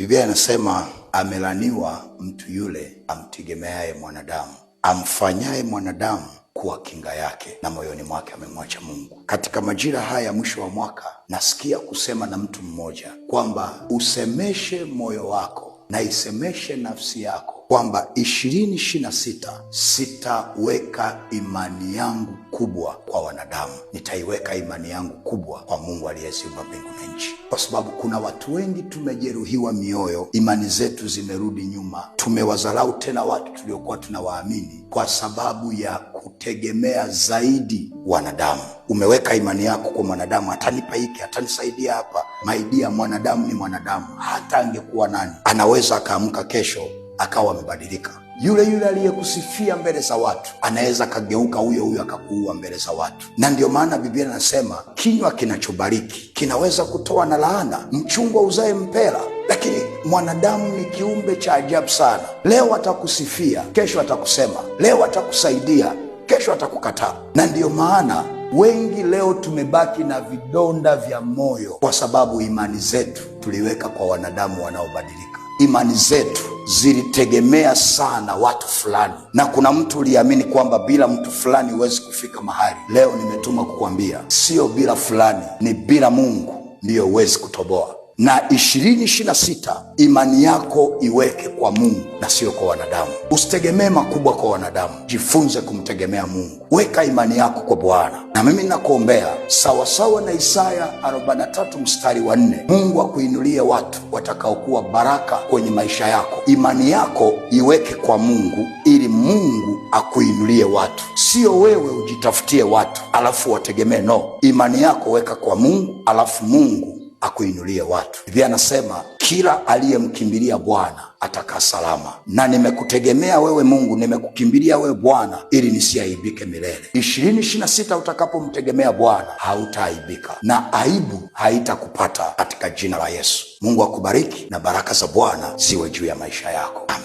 Biblia inasema amelaniwa mtu yule amtegemeaye mwanadamu, amfanyaye mwanadamu kuwa kinga yake, na moyoni mwake amemwacha Mungu. Katika majira haya ya mwisho wa mwaka, nasikia kusema na mtu mmoja kwamba usemeshe moyo wako na isemeshe nafsi yako kwamba ishirini ishirini na sita sitaweka imani yangu kubwa kwa wanadamu, nitaiweka imani yangu kubwa kwa Mungu aliyeziumba mbingu na nchi, kwa sababu kuna watu wengi tumejeruhiwa mioyo, imani zetu zimerudi nyuma, tumewadharau tena watu tuliokuwa tunawaamini kwa sababu ya kutegemea zaidi wanadamu. Umeweka imani yako kwa mwanadamu, atanipa hiki, atanisaidia hapa. Maidia, mwanadamu ni mwanadamu, hata angekuwa nani, anaweza akaamka kesho akawa amebadilika. Yule yule aliyekusifia mbele za watu anaweza akageuka huyo huyo akakuua mbele za watu, na ndiyo maana Biblia anasema kinywa kinachobariki kinaweza kutoa na laana. Mchungwa uzae mpera, lakini mwanadamu ni kiumbe cha ajabu sana. Leo atakusifia, kesho atakusema, leo atakusaidia, kesho atakukataa, na ndiyo maana wengi leo tumebaki na vidonda vya moyo kwa sababu imani zetu tuliweka kwa wanadamu wanaobadilika imani zetu zilitegemea sana watu fulani, na kuna mtu uliamini kwamba bila mtu fulani huwezi kufika mahali. Leo nimetuma kukwambia, sio bila fulani, ni bila Mungu ndiyo huwezi kutoboa na ishirini ishirini na sita imani yako iweke kwa Mungu na sio kwa wanadamu. Usitegemee makubwa kwa wanadamu, jifunze kumtegemea Mungu. Weka imani yako kwa Bwana na mimi nakuombea sawasawa na Isaya 43 mstari wa nne, Mungu akuinulie wa watu watakaokuwa baraka kwenye maisha yako. Imani yako iweke kwa Mungu ili Mungu akuinulie watu, sio wewe ujitafutie watu alafu wategemee. No, imani yako weka kwa Mungu alafu Mungu akuinulie watu. Biblia anasema kila aliyemkimbilia Bwana atakaa salama, na nimekutegemea wewe Mungu, nimekukimbilia wewe Bwana ili nisiaibike milele. ishirini ishirini na sita utakapomtegemea Bwana hautaaibika na aibu haitakupata katika jina la Yesu. Mungu akubariki na baraka za Bwana ziwe juu ya maisha yako. Amen.